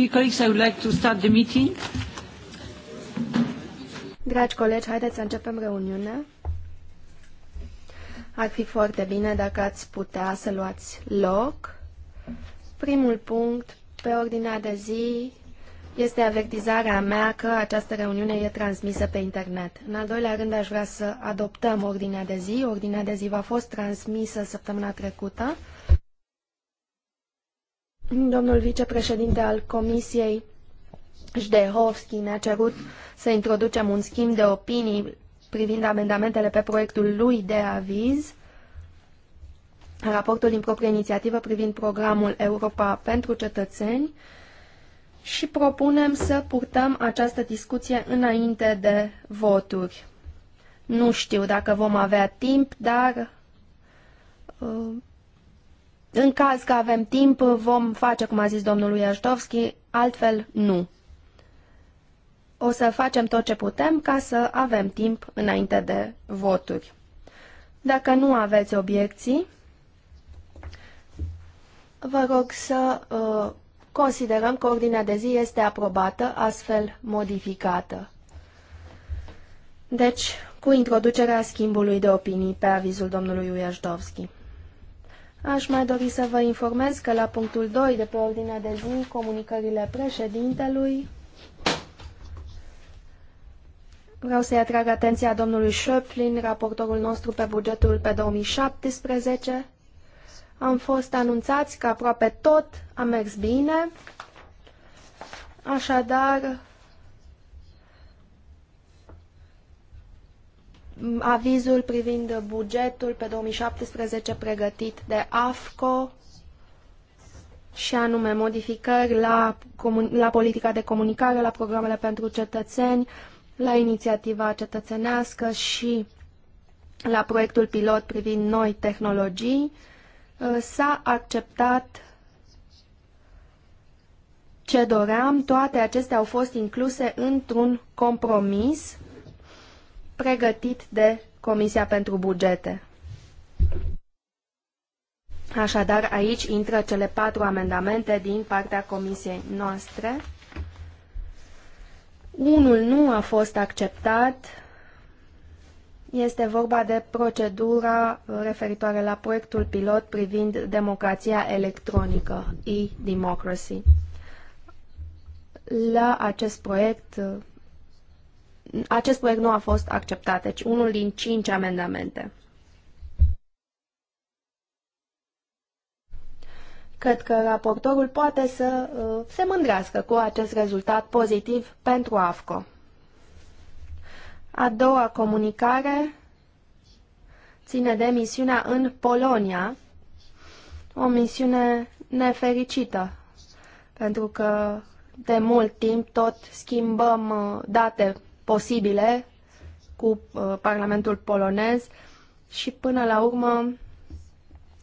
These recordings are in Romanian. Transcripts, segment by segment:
Dear colleagues, I would like to start the meeting. Dragi colegi, haideți să începem reuniunea. Ar fi foarte bine dacă ați putea să luați loc. Primul punct pe ordinea de zi este avertizarea mea că această reuniune e transmisă pe internet. În al doilea rând aș vrea să adoptăm ordinea de zi. Ordinea de zi va fost transmisă săptămâna trecută. Domnul vicepreședinte al Comisiei, Jdehovski, ne-a cerut să introducem un schimb de opinii privind amendamentele pe proiectul lui de aviz, raportul din proprie inițiativă privind programul Europa pentru cetățeni și propunem să purtăm această discuție înainte de voturi. Nu știu dacă vom avea timp, dar uh, în caz că avem timp, vom face, cum a zis domnul Iaștovski, altfel nu. O să facem tot ce putem ca să avem timp înainte de voturi. Dacă nu aveți obiecții, vă rog să uh, considerăm că ordinea de zi este aprobată, astfel modificată. Deci, cu introducerea schimbului de opinii pe avizul domnului Iaștovski. Aș mai dori să vă informez că la punctul 2 de pe ordinea de zi, comunicările președintelui, vreau să-i atrag atenția domnului Schöpflin, raportorul nostru pe bugetul pe 2017. Am fost anunțați că aproape tot a mers bine, așadar avizul privind bugetul pe 2017 pregătit de AFCO și anume modificări la, la politica de comunicare, la programele pentru cetățeni, la inițiativa cetățenească și la proiectul pilot privind noi tehnologii, uh, s-a acceptat ce doream, toate acestea au fost incluse într-un compromis pregătit de Comisia pentru Bugete. Așadar, aici intră cele patru amendamente din partea comisiei noastre. Unul nu a fost acceptat. Este vorba de procedura referitoare la proiectul pilot privind democrația electronică, e-democracy. La acest proiect acest proiect nu a fost acceptat, deci unul din cinci amendamente. Cred că raportorul poate să uh, se mândrească cu acest rezultat pozitiv pentru AFCO. A doua comunicare ține de misiunea în Polonia, o misiune nefericită, pentru că de mult timp tot schimbăm uh, date posibile cu uh, Parlamentul polonez și până la urmă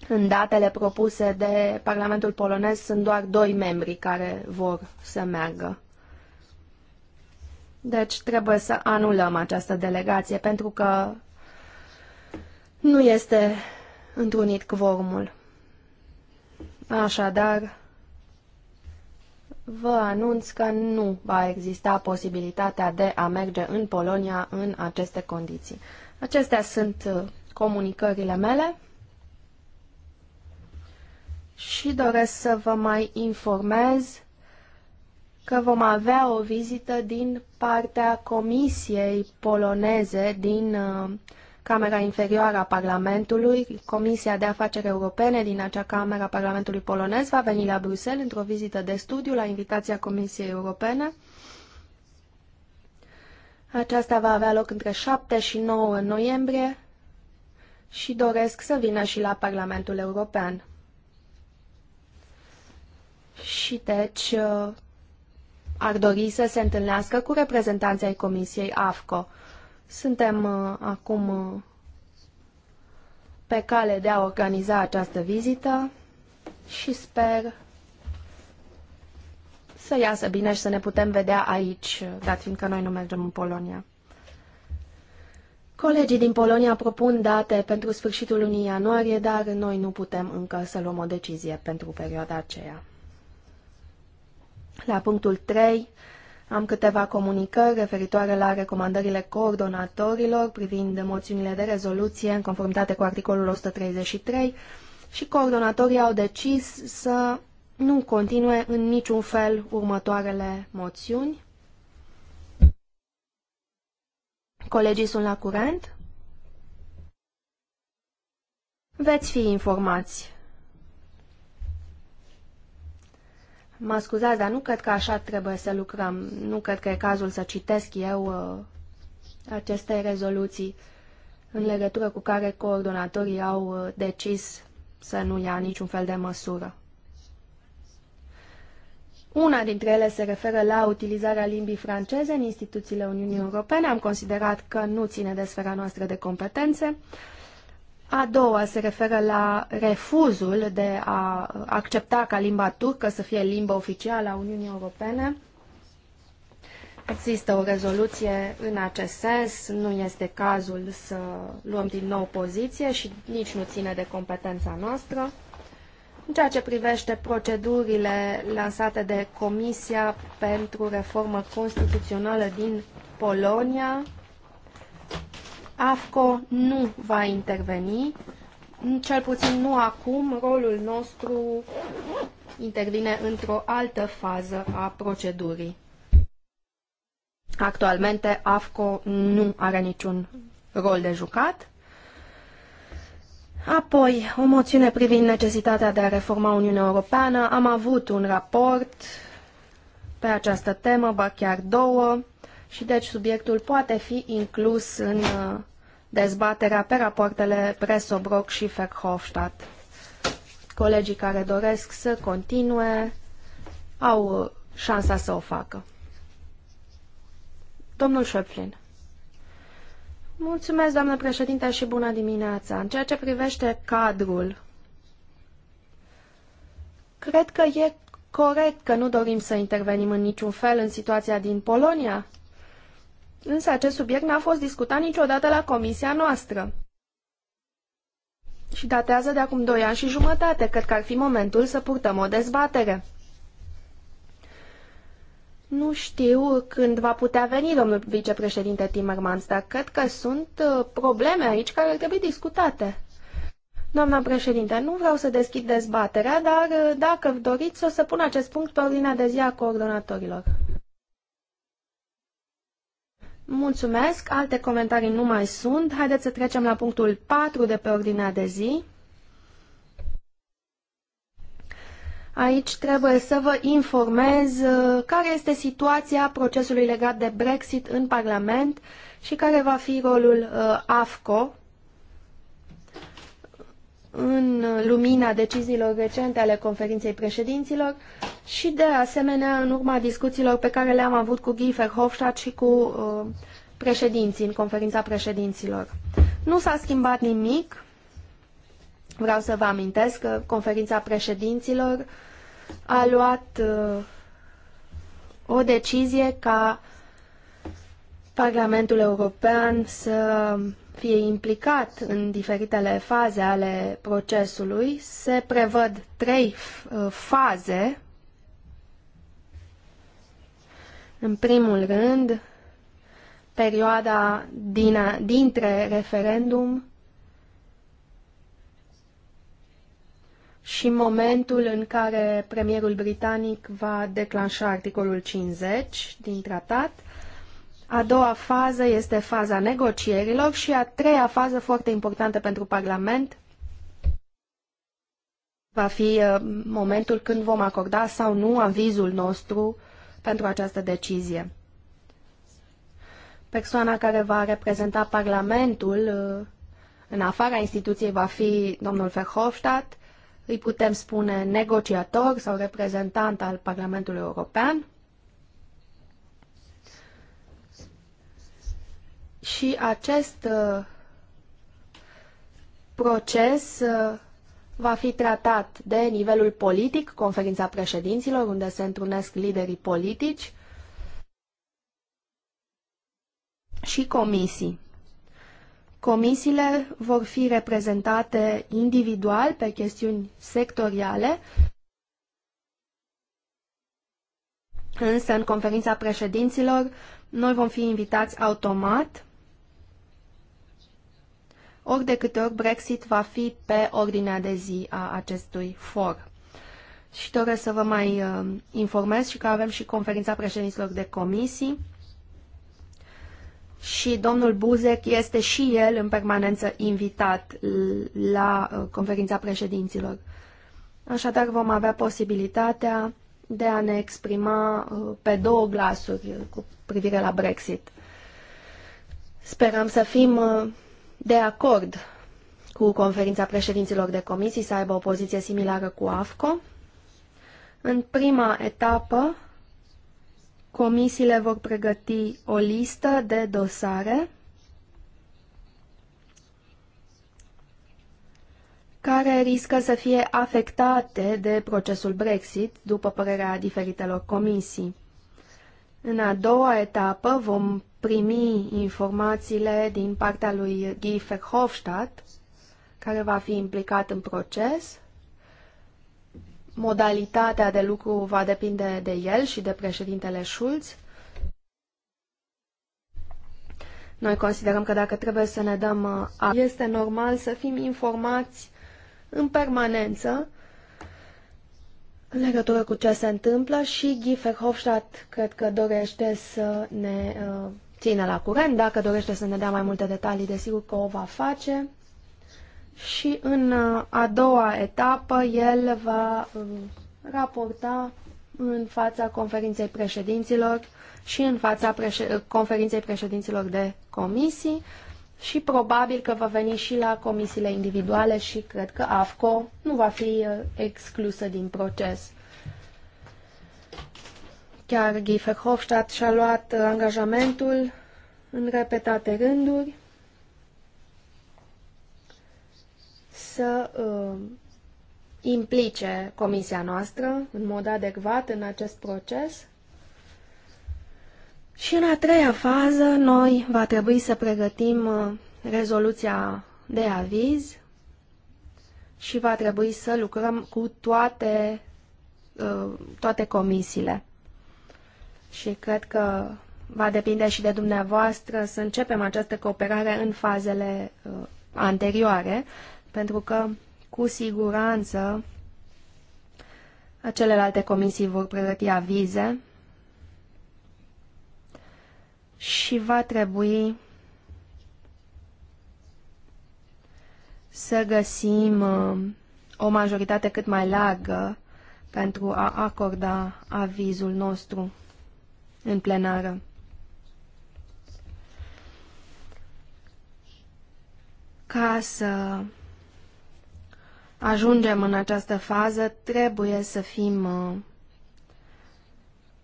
în datele propuse de Parlamentul polonez sunt doar doi membri care vor să meargă. Deci trebuie să anulăm această delegație pentru că nu este întrunit quorumul. Așadar, vă anunț că nu va exista posibilitatea de a merge în Polonia în aceste condiții. Acestea sunt uh, comunicările mele și doresc să vă mai informez că vom avea o vizită din partea Comisiei Poloneze din uh, Camera Inferioară a Parlamentului, Comisia de Afaceri Europene din acea Camera a Parlamentului Polonez va veni la Bruxelles într-o vizită de studiu la invitația Comisiei Europene. Aceasta va avea loc între 7 și 9 noiembrie și doresc să vină și la Parlamentul European. Și deci uh, ar dori să se întâlnească cu reprezentanții ai Comisiei AFCO. Suntem uh, acum uh, pe cale de a organiza această vizită și sper să iasă bine și să ne putem vedea aici, dat fiindcă noi nu mergem în Polonia. Colegii din Polonia propun date pentru sfârșitul lunii ianuarie, dar noi nu putem încă să luăm o decizie pentru perioada aceea. La punctul 3 am câteva comunicări referitoare la recomandările coordonatorilor privind moțiunile de rezoluție în conformitate cu articolul 133 și coordonatorii au decis să nu continue în niciun fel următoarele moțiuni. Colegii sunt la curent? Veți fi informați Mă scuzați, dar nu cred că așa trebuie să lucrăm. Nu cred că e cazul să citesc eu uh, aceste rezoluții în legătură cu care coordonatorii au uh, decis să nu ia niciun fel de măsură. Una dintre ele se referă la utilizarea limbii franceze în instituțiile Uniunii Europene. Am considerat că nu ține de sfera noastră de competențe. A doua se referă la refuzul de a accepta ca limba turcă să fie limba oficială a Uniunii Europene. Există o rezoluție în acest sens, nu este cazul să luăm din nou poziție și nici nu ține de competența noastră. În ceea ce privește procedurile lansate de Comisia pentru Reformă Constituțională din Polonia, AFCO nu va interveni, cel puțin nu acum, rolul nostru intervine într-o altă fază a procedurii. Actualmente AFCO nu are niciun rol de jucat. Apoi, o moțiune privind necesitatea de a reforma Uniunea Europeană. Am avut un raport pe această temă, ba chiar două și deci subiectul poate fi inclus în uh, dezbaterea pe rapoartele brok și Verhofstadt. Colegii care doresc să continue au uh, șansa să o facă. Domnul Șöpflin. Mulțumesc, doamnă președinte, și bună dimineața. În ceea ce privește cadrul, cred că e corect că nu dorim să intervenim în niciun fel în situația din Polonia, însă acest subiect n-a fost discutat niciodată la comisia noastră. Și datează de acum doi ani și jumătate, cred că ar fi momentul să purtăm o dezbatere. Nu știu când va putea veni domnul vicepreședinte Timmermans, dar cred că sunt uh, probleme aici care ar trebui discutate. Doamna președinte, nu vreau să deschid dezbaterea, dar uh, dacă doriți o să pun acest punct pe ordinea de zi a coordonatorilor. Mulțumesc, alte comentarii nu mai sunt. Haideți să trecem la punctul 4 de pe ordinea de zi. Aici trebuie să vă informez uh, care este situația procesului legat de Brexit în Parlament și care va fi rolul uh, AFCO în lumina deciziilor recente ale conferinței președinților și, de asemenea, în urma discuțiilor pe care le-am avut cu Guy Verhofstadt și cu uh, președinții în conferința președinților. Nu s-a schimbat nimic. Vreau să vă amintesc că conferința președinților a luat uh, o decizie ca Parlamentul European să fie implicat în diferitele faze ale procesului. Se prevăd trei uh, faze. În primul rând, perioada din a, dintre referendum și momentul în care premierul britanic va declanșa articolul 50 din tratat a doua fază este faza negocierilor și a treia fază foarte importantă pentru Parlament va fi uh, momentul când vom acorda sau nu avizul nostru pentru această decizie. Persoana care va reprezenta Parlamentul uh, în afara instituției va fi domnul Verhofstadt, îi putem spune negociator sau reprezentant al Parlamentului European. și acest uh, proces uh, va fi tratat de nivelul politic, conferința președinților, unde se întrunesc liderii politici și comisii. Comisiile vor fi reprezentate individual pe chestiuni sectoriale, însă în conferința președinților noi vom fi invitați automat ori de câte ori Brexit va fi pe ordinea de zi a acestui for. Și doresc să vă mai uh, informez și că avem și conferința președinților de comisii și domnul Buzek este și el în permanență invitat la uh, conferința președinților. Așadar vom avea posibilitatea de a ne exprima uh, pe două glasuri uh, cu privire la Brexit. Sperăm să fim de acord cu conferința președinților de comisii să aibă o poziție similară cu AFCO. În prima etapă, comisiile vor pregăti o listă de dosare care riscă să fie afectate de procesul Brexit, după părerea diferitelor comisii. În a doua etapă vom primi informațiile din partea lui Guy Verhofstadt, care va fi implicat în proces. Modalitatea de lucru va depinde de el și de președintele Schulz. Noi considerăm că dacă trebuie să ne dăm a... este normal să fim informați în permanență în legătură cu ce se întâmplă și Guy Verhofstadt cred că dorește să ne uh, țină la curent. Dacă dorește să ne dea mai multe detalii, desigur că o va face. Și în uh, a doua etapă el va uh, raporta în fața conferinței președinților și în fața președ uh, conferinței președinților de comisii și probabil că va veni și la comisiile individuale și cred că AFCO nu va fi uh, exclusă din proces. Chiar Guy Verhofstadt și-a luat uh, angajamentul în repetate rânduri să uh, implice comisia noastră în mod adecvat în acest proces și în a treia fază, noi va trebui să pregătim uh, rezoluția de aviz și va trebui să lucrăm cu toate, uh, toate comisiile. Și cred că va depinde și de dumneavoastră să începem această cooperare în fazele uh, anterioare, pentru că cu siguranță celelalte comisii vor pregăti avize și va trebui să găsim uh, o majoritate cât mai largă pentru a acorda avizul nostru în plenară. Ca să ajungem în această fază, trebuie să fim uh,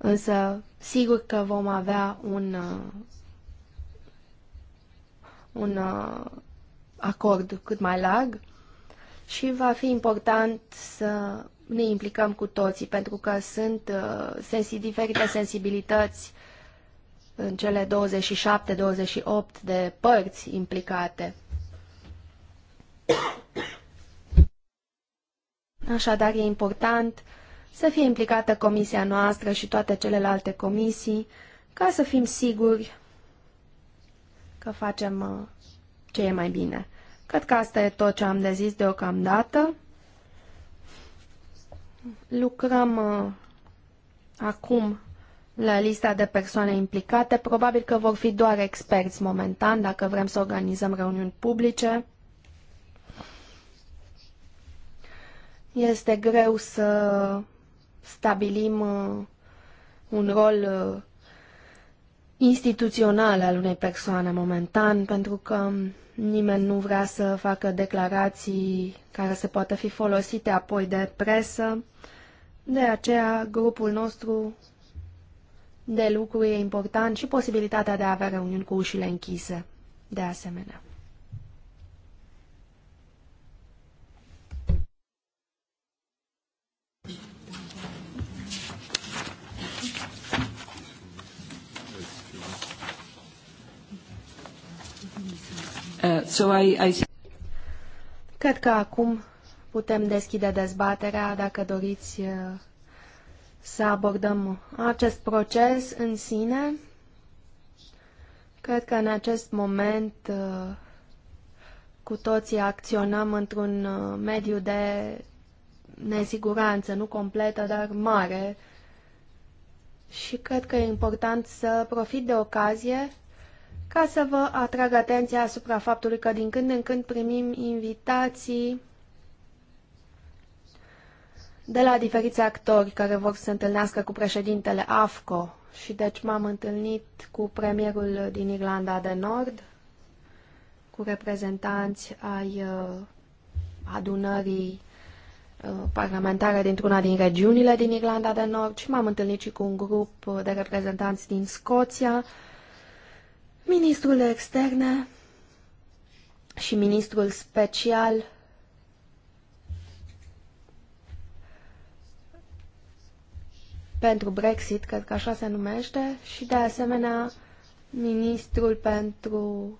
Însă, sigur că vom avea un, uh, un uh, acord cât mai larg și va fi important să ne implicăm cu toții, pentru că sunt uh, sensi, diferite sensibilități în cele 27-28 de părți implicate. Așadar, e important uh, să fie implicată comisia noastră și toate celelalte comisii, ca să fim siguri că facem uh, ce e mai bine. Cred că asta e tot ce am de zis deocamdată. Lucrăm uh, acum la lista de persoane implicate. Probabil că vor fi doar experți momentan, dacă vrem să organizăm reuniuni publice. Este greu să stabilim uh, un rol uh, instituțional al unei persoane momentan, pentru că um, nimeni nu vrea să facă declarații care se poată fi folosite apoi de presă. De aceea, grupul nostru de lucru e important și posibilitatea de a avea reuniuni cu ușile închise, de asemenea. So I, I... Cred că acum putem deschide dezbaterea dacă doriți uh, să abordăm acest proces în sine. Cred că în acest moment uh, cu toții acționăm într-un uh, mediu de nesiguranță, nu completă, dar mare. Și cred că e important să profit de ocazie ca să vă atrag atenția asupra faptului că din când în când primim invitații de la diferiți actori care vor să se întâlnească cu președintele AFCO și deci m-am întâlnit cu premierul din Irlanda de Nord, cu reprezentanți ai uh, adunării uh, parlamentare dintr-una din regiunile din Irlanda de Nord și m-am întâlnit și cu un grup de reprezentanți din Scoția Ministrul Externe și ministrul special pentru Brexit, cred că așa se numește, și de asemenea ministrul pentru uh,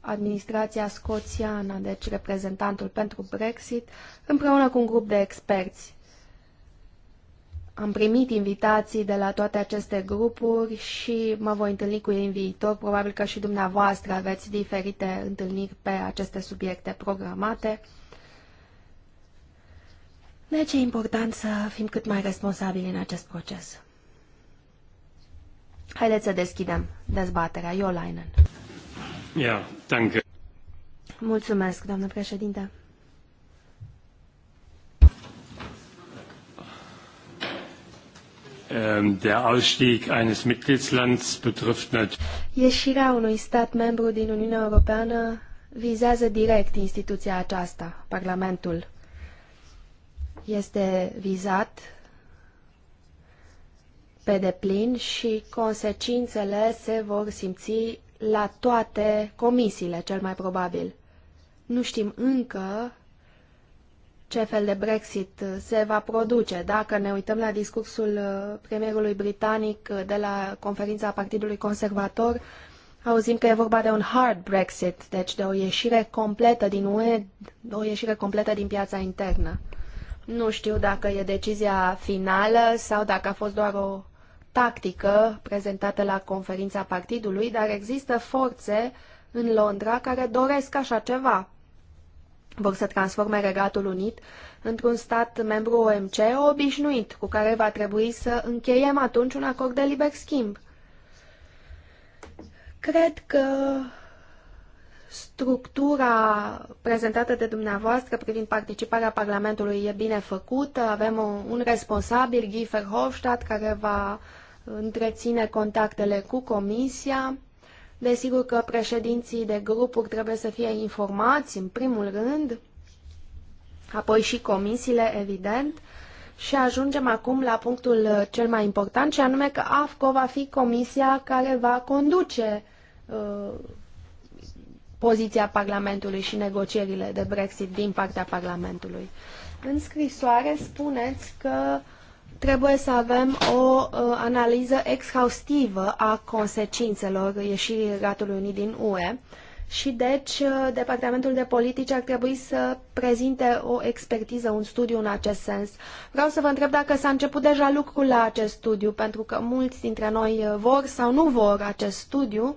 administrația scoțiană, deci reprezentantul pentru Brexit, împreună cu un grup de experți. Am primit invitații de la toate aceste grupuri și mă voi întâlni cu ei în viitor. Probabil că și dumneavoastră aveți diferite întâlniri pe aceste subiecte programate. Deci e important să fim cât mai responsabili în acest proces. Haideți să deschidem dezbaterea. Iolainen. Yeah, Mulțumesc, doamnă președinte. Ähm, der Ausstieg eines Mitgliedslands betrifft Ieșirea unui stat membru din Uniunea Europeană vizează direct instituția aceasta, Parlamentul. Este vizat pe deplin și consecințele se vor simți la toate comisiile, cel mai probabil. Nu știm încă ce fel de Brexit uh, se va produce. Dacă ne uităm la discursul uh, premierului britanic uh, de la conferința Partidului Conservator, auzim că e vorba de un hard Brexit, deci de o ieșire completă din UE, o ieșire completă din piața internă. Nu știu dacă e decizia finală sau dacă a fost doar o tactică prezentată la conferința partidului, dar există forțe în Londra care doresc așa ceva vor să transforme Regatul Unit într-un stat membru OMC obișnuit, cu care va trebui să încheiem atunci un acord de liber schimb. Cred că structura prezentată de dumneavoastră privind participarea Parlamentului e bine făcută. Avem un responsabil, Giefer Hofstadt, care va întreține contactele cu Comisia. Desigur că președinții de grupuri trebuie să fie informați, în primul rând, apoi și comisiile, evident, și ajungem acum la punctul cel mai important, și anume că AFCO va fi comisia care va conduce uh, poziția Parlamentului și negocierile de Brexit din partea Parlamentului. În scrisoare spuneți că uh, trebuie să avem o uh, analiză exhaustivă a consecințelor ieșirii Regatului Unit din UE și deci uh, Departamentul de Politici ar trebui să prezinte o expertiză, un studiu în acest sens. Vreau să vă întreb dacă s-a început deja lucrul la acest studiu, pentru că mulți dintre noi uh, vor sau nu vor acest studiu,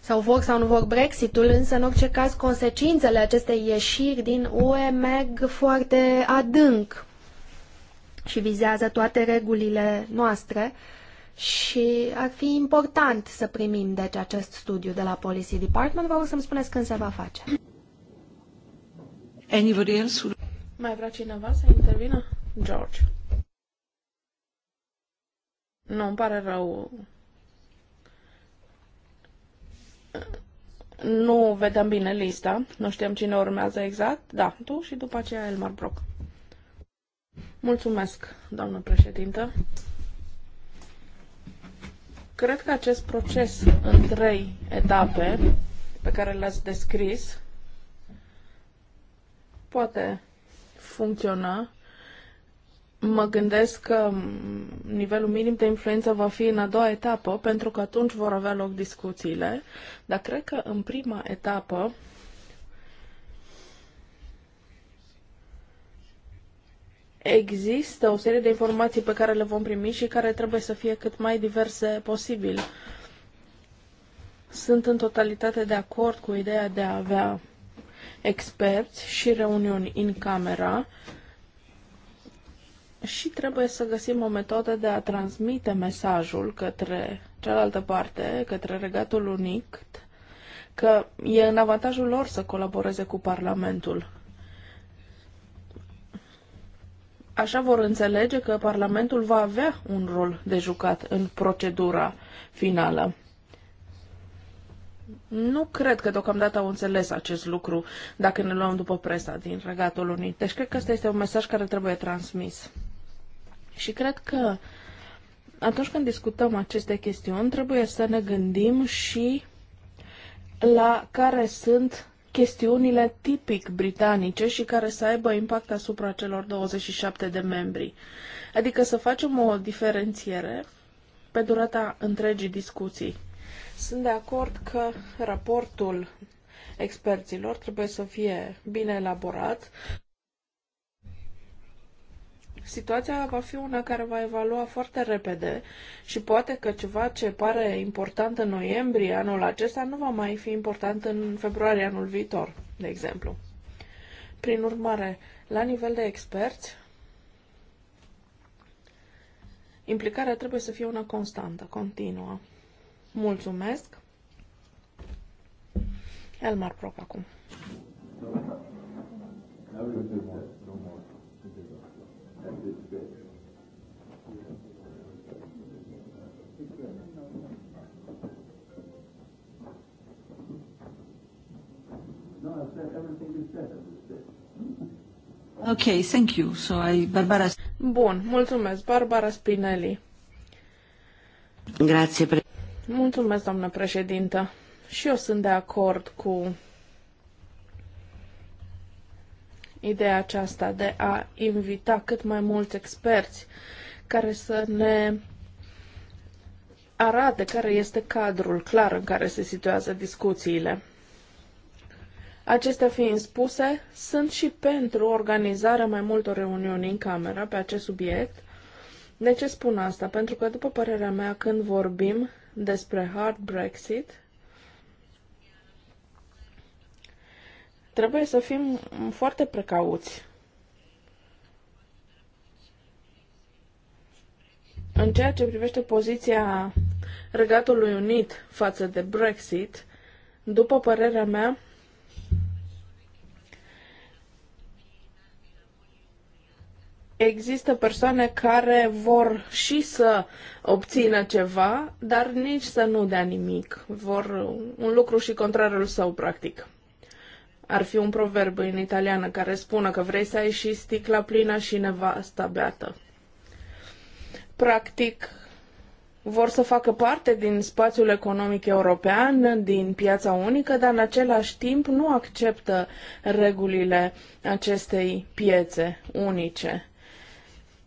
sau vor sau nu vor Brexitul, însă în orice caz consecințele acestei ieșiri din UE merg foarte adânc și vizează toate regulile noastre și ar fi important să primim deci acest studiu de la Policy Department. Vă rog să-mi spuneți când se va face. Anybody else? Mai vrea cineva să intervină? George. Nu, îmi pare rău. Nu vedem bine lista. Nu știm cine urmează exact. Da, tu și după aceea Elmar Brock. Mulțumesc, doamnă președintă. Cred că acest proces în trei etape pe care l-ați descris poate funcționa. Mă gândesc că nivelul minim de influență va fi în a doua etapă, pentru că atunci vor avea loc discuțiile, dar cred că în prima etapă Există o serie de informații pe care le vom primi și care trebuie să fie cât mai diverse posibil. Sunt în totalitate de acord cu ideea de a avea experți și reuniuni în camera și trebuie să găsim o metodă de a transmite mesajul către cealaltă parte, către Regatul Unic, că e în avantajul lor să colaboreze cu Parlamentul. Așa vor înțelege că Parlamentul va avea un rol de jucat în procedura finală. Nu cred că deocamdată au înțeles acest lucru dacă ne luăm după presa din Regatul Unit. Deci cred că ăsta este un mesaj care trebuie transmis. Și cred că atunci când discutăm aceste chestiuni, trebuie să ne gândim și la care sunt chestiunile tipic britanice și care să aibă impact asupra celor 27 de membri. Adică să facem o diferențiere pe durata întregii discuții. Sunt de acord că raportul experților trebuie să fie bine elaborat, situația va fi una care va evalua foarte repede și poate că ceva ce pare important în noiembrie anul acesta nu va mai fi important în februarie anul viitor, de exemplu. Prin urmare, la nivel de experți, implicarea trebuie să fie una constantă, continuă. Mulțumesc! Elmar Proc acum. do that. everything is Ok, thank you. So I, Barbara... Bun, mulțumesc, Barbara Spinelli. Grazie. Pre... Mulțumesc, doamnă președintă. Și eu sunt de acord cu ideea aceasta de a invita cât mai mulți experți care să ne arate care este cadrul clar în care se situează discuțiile. Acestea fiind spuse, sunt și pentru organizarea mai multor reuniuni în camera pe acest subiect. De ce spun asta? Pentru că, după părerea mea, când vorbim despre hard Brexit, trebuie să fim foarte precauți. În ceea ce privește poziția Regatului Unit față de Brexit, după părerea mea, există persoane care vor și să obțină ceva, dar nici să nu dea nimic. Vor un lucru și contrarul său, practic. Ar fi un proverb în italiană care spune că vrei să ai și sticla plină și nevasta beată. Practic, vor să facă parte din spațiul economic european, din piața unică, dar în același timp nu acceptă regulile acestei piețe unice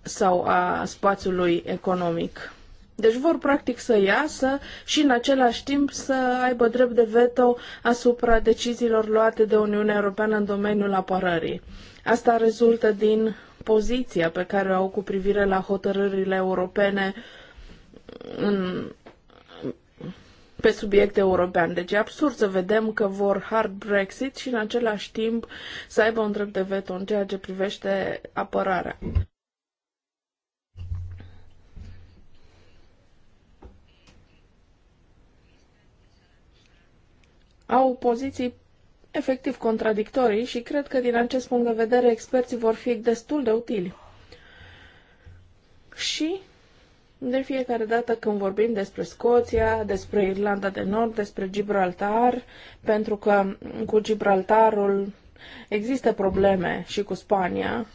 sau a spațiului economic. Deci vor practic să iasă și în același timp să aibă drept de veto asupra deciziilor luate de Uniunea Europeană în domeniul apărării. Asta rezultă din poziția pe care o au cu privire la hotărârile europene în, pe subiect european. Deci e absurd să vedem că vor hard Brexit și în același timp să aibă un drept de veto în ceea ce privește apărarea. au poziții efectiv contradictorii și cred că din acest punct de vedere experții vor fi destul de utili. Și de fiecare dată când vorbim despre Scoția, despre Irlanda de Nord, despre Gibraltar, pentru că cu Gibraltarul există probleme și cu Spania,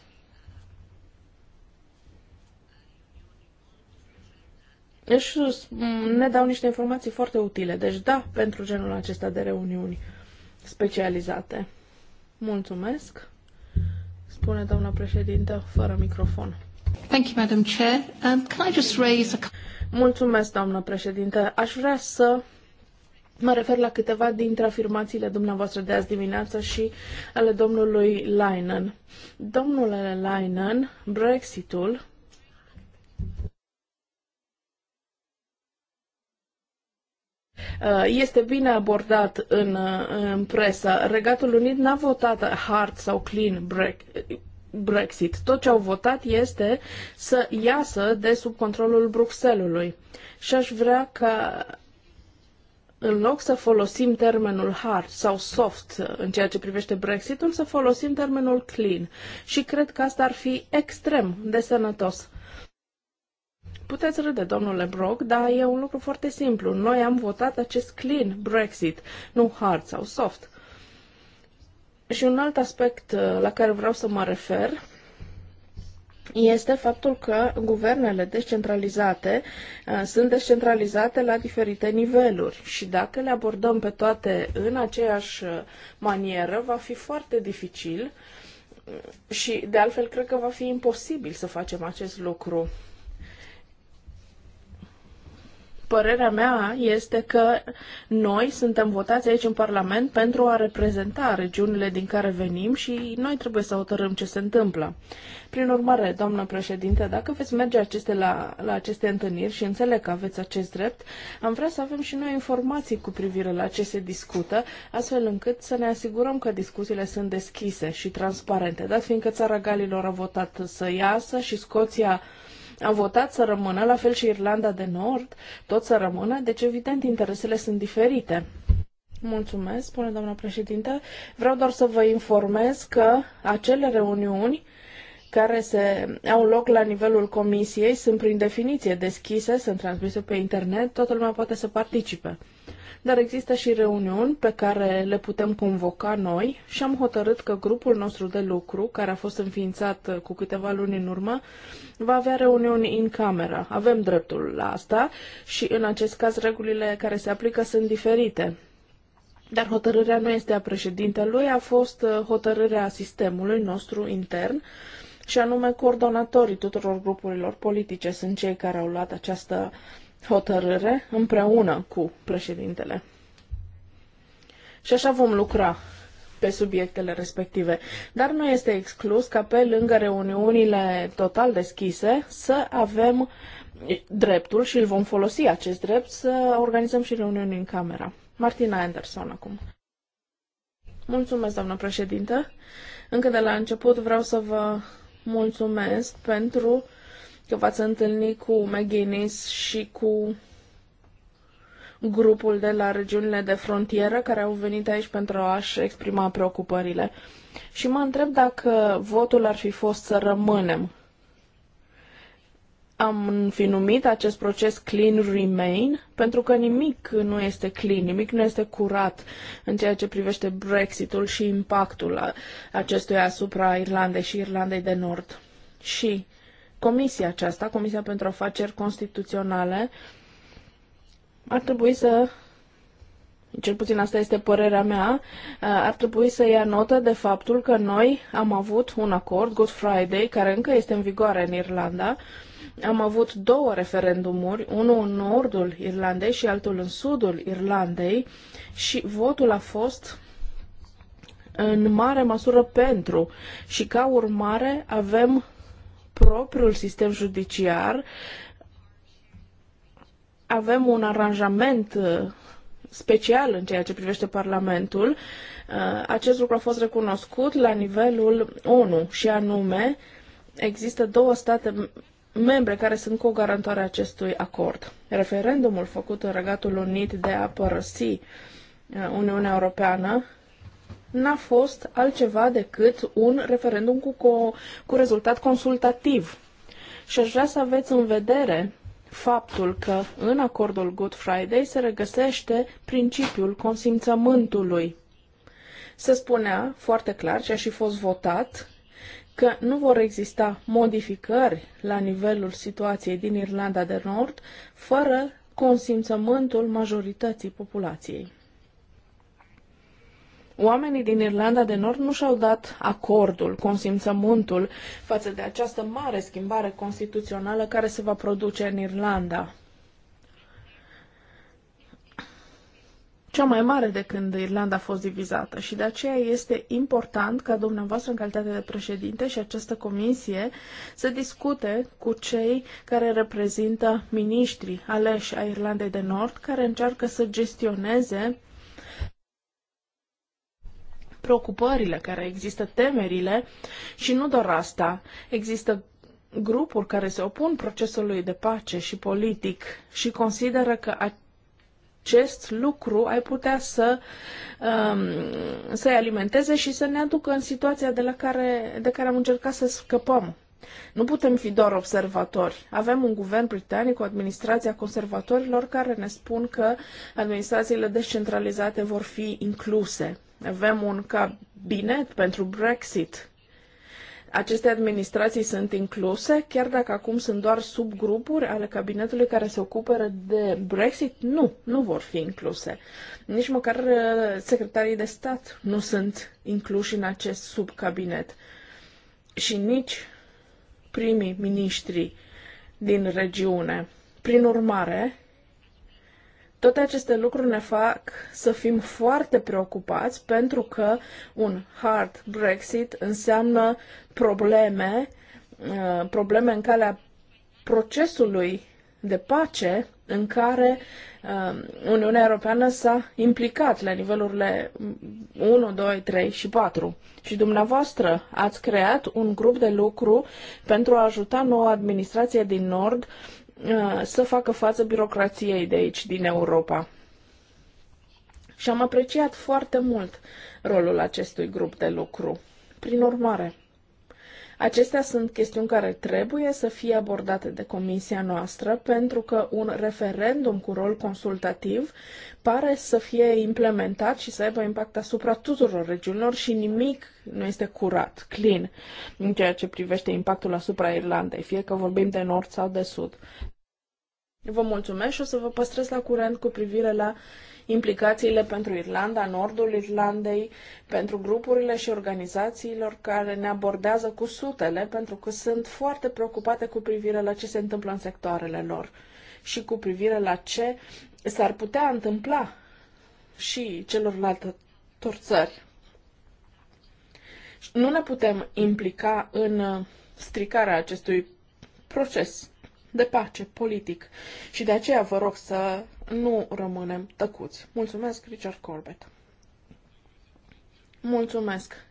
își ne dau niște informații foarte utile. Deci da, pentru genul acesta de reuniuni specializate. Mulțumesc, spune doamna președintă fără microfon. Thank you, Madam Chair. Um, can I just raise a... Mulțumesc, doamnă președinte. Aș vrea să mă refer la câteva dintre afirmațiile dumneavoastră de azi dimineață și ale domnului Leinen. Domnule Leinen, Brexitul Uh, este bine abordat în, uh, în presă. Regatul Unit n-a votat hard sau clean break, Brexit. Tot ce au votat este să iasă de sub controlul Bruxelului. Și aș vrea ca în loc să folosim termenul hard sau soft în ceea ce privește Brexitul, să folosim termenul clean. Și cred că asta ar fi extrem de sănătos. Puteți râde, domnule Brock, dar e un lucru foarte simplu. Noi am votat acest clean Brexit, nu hard sau soft. Și un alt aspect uh, la care vreau să mă refer este faptul că guvernele descentralizate uh, sunt descentralizate la diferite niveluri și dacă le abordăm pe toate în aceeași uh, manieră, va fi foarte dificil și, de altfel, cred că va fi imposibil să facem acest lucru Părerea mea este că noi suntem votați aici în Parlament pentru a reprezenta regiunile din care venim și noi trebuie să hotărâm ce se întâmplă. Prin urmare, doamnă președinte, dacă veți merge aceste la, la aceste întâlniri și înțeleg că aveți acest drept, am vrea să avem și noi informații cu privire la ce se discută, astfel încât să ne asigurăm că discuțiile sunt deschise și transparente, dat fiindcă țara Galilor a votat să iasă și Scoția au votat să rămână, la fel și Irlanda de Nord, tot să rămână, deci evident interesele sunt diferite. Mulțumesc, spune doamna președinte. Vreau doar să vă informez că acele reuniuni care se au loc la nivelul comisiei sunt prin definiție deschise, sunt transmise pe internet, toată lumea poate să participe dar există și reuniuni pe care le putem convoca noi și am hotărât că grupul nostru de lucru, care a fost înființat uh, cu câteva luni în urmă, va avea reuniuni în camera. Avem dreptul la asta și în acest caz regulile care se aplică sunt diferite. Dar hotărârea nu este a președintelui, a fost uh, hotărârea sistemului nostru intern și anume coordonatorii tuturor grupurilor politice sunt cei care au luat această uh, hotărâre împreună cu președintele. Și așa vom lucra pe subiectele respective. Dar nu este exclus ca pe lângă reuniunile total deschise să avem dreptul și îl vom folosi acest drept să organizăm și reuniuni în camera. Martina Anderson acum. Mulțumesc, doamnă președintă. Încă de la început vreau să vă mulțumesc pentru că v-ați întâlnit cu McGuinness și cu grupul de la regiunile de frontieră care au venit aici pentru a-și exprima preocupările. Și mă întreb dacă votul ar fi fost să rămânem. Am fi numit acest proces Clean Remain pentru că nimic nu este clean, nimic nu este curat în ceea ce privește Brexitul și impactul acestuia asupra Irlandei și Irlandei de Nord. Și comisia aceasta, Comisia pentru Afaceri Constituționale, ar trebui să cel puțin asta este părerea mea, ar trebui să ia notă de faptul că noi am avut un acord, Good Friday, care încă este în vigoare în Irlanda. Am avut două referendumuri, unul în nordul Irlandei și altul în sudul Irlandei și votul a fost în mare măsură pentru și ca urmare avem propriul sistem judiciar avem un aranjament uh, special în ceea ce privește Parlamentul. Uh, acest lucru a fost recunoscut la nivelul ONU și anume există două state membre care sunt co-garantoare acestui acord. Referendumul făcut în Regatul Unit de a părăsi uh, Uniunea Europeană n-a fost altceva decât un referendum cu, cu, cu rezultat consultativ. Și aș vrea să aveți în vedere faptul că în acordul Good Friday se regăsește principiul consimțământului. Se spunea foarte clar și a și fost votat că nu vor exista modificări la nivelul situației din Irlanda de Nord fără consimțământul majorității populației. Oamenii din Irlanda de Nord nu și-au dat acordul, consimțământul față de această mare schimbare constituțională care se va produce în Irlanda. cea mai mare de când Irlanda a fost divizată și de aceea este important ca dumneavoastră în calitate de președinte și această comisie să discute cu cei care reprezintă miniștrii aleși a Irlandei de Nord care încearcă să gestioneze preocupările care există, temerile și nu doar asta. Există grupuri care se opun procesului de pace și politic și consideră că acest lucru ai putea să, um, să-i alimenteze și să ne aducă în situația de, la care, de care am încercat să scăpăm. Nu putem fi doar observatori. Avem un guvern britanic, o administrație a conservatorilor care ne spun că administrațiile descentralizate vor fi incluse. Avem un cabinet pentru Brexit. Aceste administrații sunt incluse, chiar dacă acum sunt doar subgrupuri ale cabinetului care se ocupă de Brexit, nu, nu vor fi incluse. Nici măcar uh, secretarii de stat nu sunt incluși în acest subcabinet. Și nici primii miniștri din regiune. Prin urmare, toate aceste lucruri ne fac să fim foarte preocupați pentru că un hard Brexit înseamnă probleme, uh, probleme în calea procesului de pace în care uh, Uniunea Europeană s-a implicat la nivelurile 1, 2, 3 și 4. Și dumneavoastră ați creat un grup de lucru pentru a ajuta noua administrație din Nord Uh, să facă față birocrației de aici, din Europa. Și am apreciat foarte mult rolul acestui grup de lucru. Prin urmare, Acestea sunt chestiuni care trebuie să fie abordate de comisia noastră pentru că un referendum cu rol consultativ pare să fie implementat și să aibă impact asupra tuturor regiunilor și nimic nu este curat, clean, în ceea ce privește impactul asupra Irlandei, fie că vorbim de nord sau de sud. Vă mulțumesc și o să vă păstrez la curent cu privire la implicațiile pentru Irlanda, nordul Irlandei, pentru grupurile și organizațiilor care ne abordează cu sutele, pentru că sunt foarte preocupate cu privire la ce se întâmplă în sectoarele lor și cu privire la ce s-ar putea întâmpla și celorlalte țări. Nu ne putem implica în uh, stricarea acestui proces de pace politic. Și de aceea vă rog să nu rămânem tăcuți. Mulțumesc, Richard Corbett. Mulțumesc.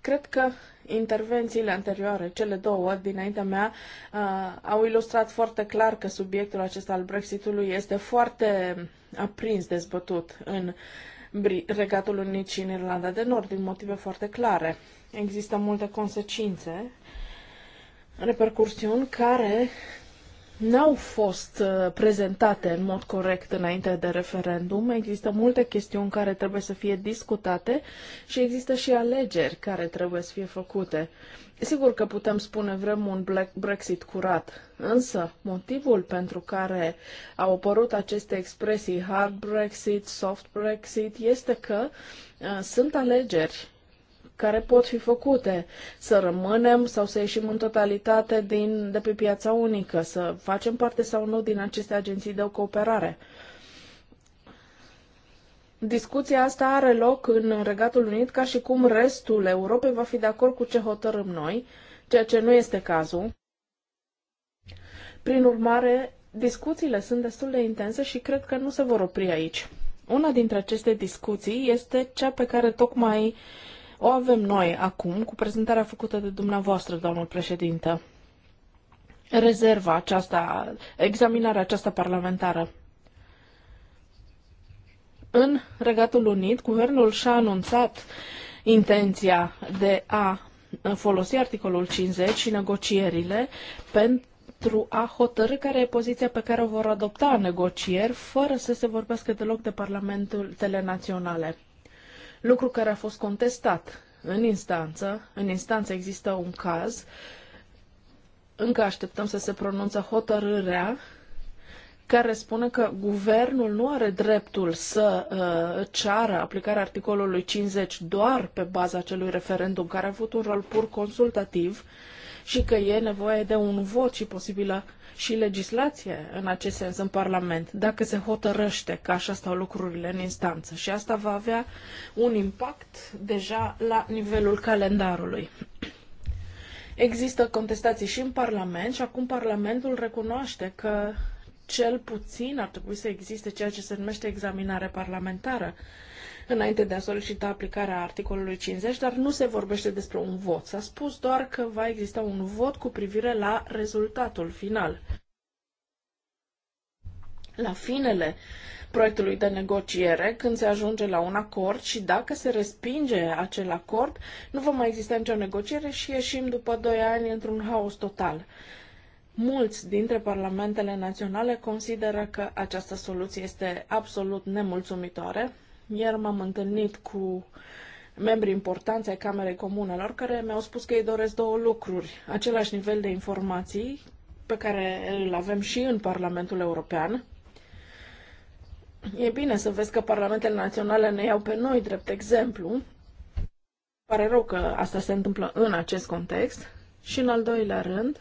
Cred că intervențiile anterioare, cele două dinaintea mea, uh, au ilustrat foarte clar că subiectul acesta al Brexitului este foarte aprins dezbătut în Regatul Unit și în Irlanda de Nord, din motive foarte clare. Există multe consecințe, repercursiuni care n-au fost uh, prezentate în mod corect înainte de referendum. Există multe chestiuni care trebuie să fie discutate și există și alegeri care trebuie să fie făcute. Sigur că putem spune vrem un Brexit curat, însă motivul pentru care au apărut aceste expresii hard Brexit, soft Brexit, este că uh, sunt alegeri care pot fi făcute, să rămânem sau să ieșim în totalitate din, de pe piața unică, să facem parte sau nu din aceste agenții de cooperare. Discuția asta are loc în Regatul Unit ca și cum restul Europei va fi de acord cu ce hotărâm noi, ceea ce nu este cazul. Prin urmare, discuțiile sunt destul de intense și cred că nu se vor opri aici. Una dintre aceste discuții este cea pe care tocmai o avem noi acum cu prezentarea făcută de dumneavoastră, domnul președinte Rezerva aceasta, examinarea aceasta parlamentară. În Regatul Unit, guvernul și-a anunțat intenția de a folosi articolul 50 și negocierile pentru pentru a hotărâ care e poziția pe care o vor adopta în negocieri, fără să se vorbească deloc de parlamentele naționale lucru care a fost contestat în instanță. În instanță există un caz, încă așteptăm să se pronunță hotărârea care spune că guvernul nu are dreptul să uh, ceară aplicarea articolului 50 doar pe baza acelui referendum care a avut un rol pur consultativ uh, și că e nevoie de un vot și posibilă și legislație în acest sens în Parlament, dacă se hotărăște că așa stau lucrurile în instanță. Și asta va avea un impact deja la nivelul calendarului. Există contestații și în Parlament și acum Parlamentul recunoaște că cel puțin ar trebui să existe ceea ce se numește examinare parlamentară înainte de a solicita aplicarea articolului 50, dar nu se vorbește despre un vot. S-a spus doar că va exista un vot cu privire la rezultatul final. La finele proiectului de negociere, când se ajunge la un acord și dacă se respinge acel acord, nu va mai exista nicio negociere și ieșim după doi ani într-un haos total. Mulți dintre parlamentele naționale consideră că această soluție este absolut nemulțumitoare ieri m-am întâlnit cu membri importanți ai Camerei Comunelor care mi-au spus că ei doresc două lucruri. Același nivel de informații pe care îl avem și în Parlamentul European. E bine să vezi că parlamentele naționale ne iau pe noi drept exemplu. Pare rău că asta se întâmplă în acest context. Și în al doilea rând,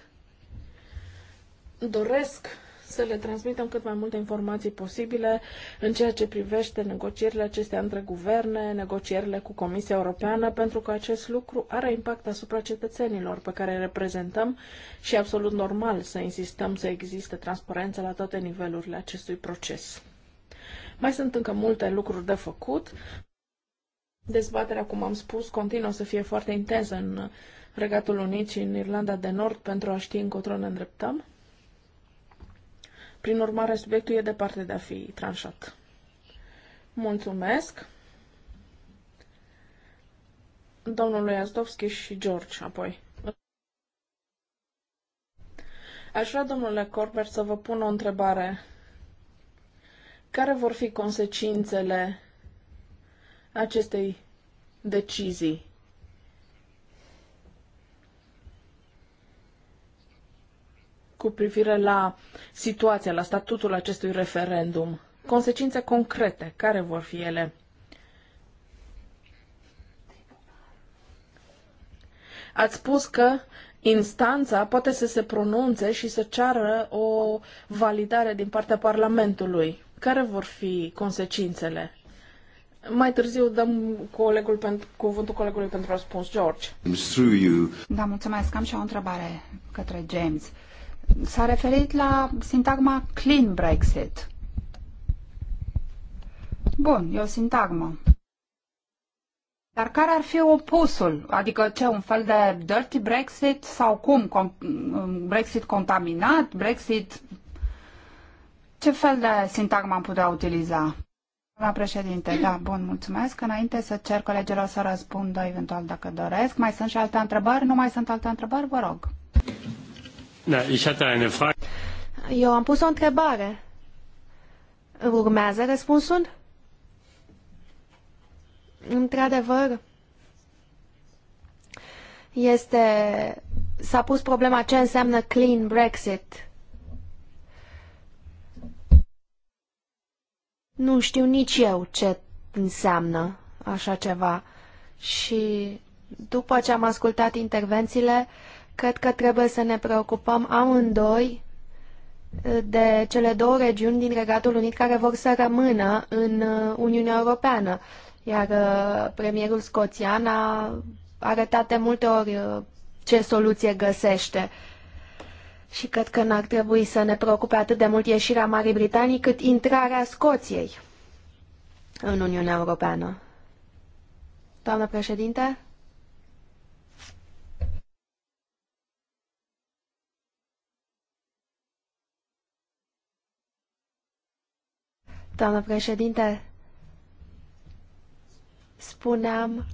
doresc să le transmitem cât mai multe informații posibile în ceea ce privește negocierile acestea între guverne, negocierile cu Comisia Europeană, pentru că acest lucru are impact asupra cetățenilor pe care îi reprezentăm și e absolut normal să insistăm să existe transparență la toate nivelurile acestui proces. Mai sunt încă multe lucruri de făcut. Dezbaterea, cum am spus, continuă să fie foarte intensă în Regatul Unit și în Irlanda de Nord pentru a ști încotro ne îndreptăm. Prin urmare, subiectul e departe de a fi tranșat. Mulțumesc! Domnului Azdovski și George, apoi. Aș vrea, domnule Corbert, să vă pun o întrebare. Care vor fi consecințele acestei decizii? cu privire la situația, la statutul acestui referendum. Consecințe concrete, care vor fi ele? Ați spus că instanța poate să se pronunțe și să ceară o validare din partea Parlamentului. Care vor fi consecințele? Mai târziu dăm colegul pentru, cuvântul colegului pentru răspuns, George. Da, mulțumesc. Am și o întrebare către James s-a referit la sintagma clean Brexit. Bun, e o sintagmă. Dar care ar fi opusul? Adică ce, un fel de dirty Brexit sau cum? Um, Brexit contaminat? Brexit... Ce fel de sintagmă am putea utiliza? Doamna președinte, da, bun, mulțumesc. Înainte să cer colegilor să răspundă eventual dacă doresc, mai sunt și alte întrebări? Nu mai sunt alte întrebări? Vă rog. Da, eu am pus o întrebare. Urmează răspunsul? Într-adevăr, este... S-a pus problema ce înseamnă clean Brexit. Nu știu nici eu ce înseamnă așa ceva. Și după ce am ascultat intervențiile, Cred că trebuie să ne preocupăm amândoi eh, de cele două regiuni din Regatul Unit care vor să rămână în eh, Uniunea Europeană. Iar eh, premierul scoțian a arătat de multe ori ce soluție găsește. Și cred că n-ar trebui să ne preocupe atât de mult ieșirea Marii Britanii cât intrarea Scoției în Uniunea Europeană. Doamnă președinte? doamnă președinte. Spuneam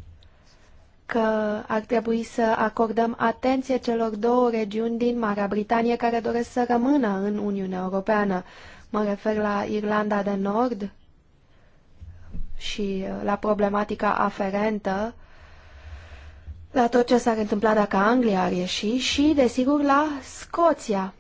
că ar trebui să acordăm atenție celor două regiuni din Marea Britanie care doresc să rămână în Uniunea Europeană. Mă refer la Irlanda de Nord și uh, la problematica aferentă, la tot ce s-ar întâmpla dacă Anglia ar ieși și, desigur, la Scoția,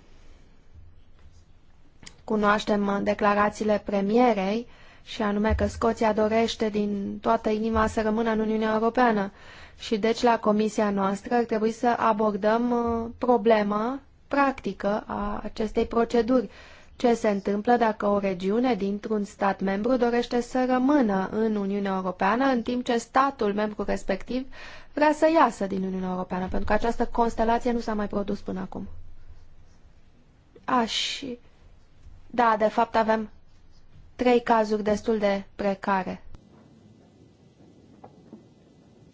Cunoaștem uh, declarațiile premierei, și anume că Scoția dorește din toată inima să rămână în Uniunea Europeană. Și deci la comisia noastră ar trebui să abordăm uh, problema practică a acestei proceduri. Ce se întâmplă dacă o regiune dintr-un stat membru dorește să rămână în Uniunea Europeană, în timp ce statul membru respectiv vrea să iasă din Uniunea Europeană, pentru că această constelație nu s-a mai produs până acum. Aș da, de fapt avem trei cazuri destul de precare.